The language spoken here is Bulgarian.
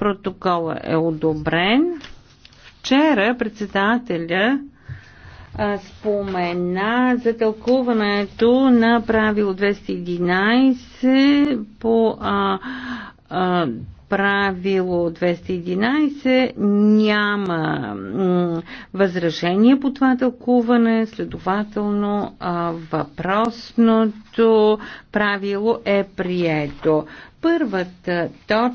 Протокола е одобрен. Вчера председателя спомена за тълкуването на правило 211 по а, а, правило 211 няма възражение по това тълкуване, следователно а, въпросното правило е прието. Първата точка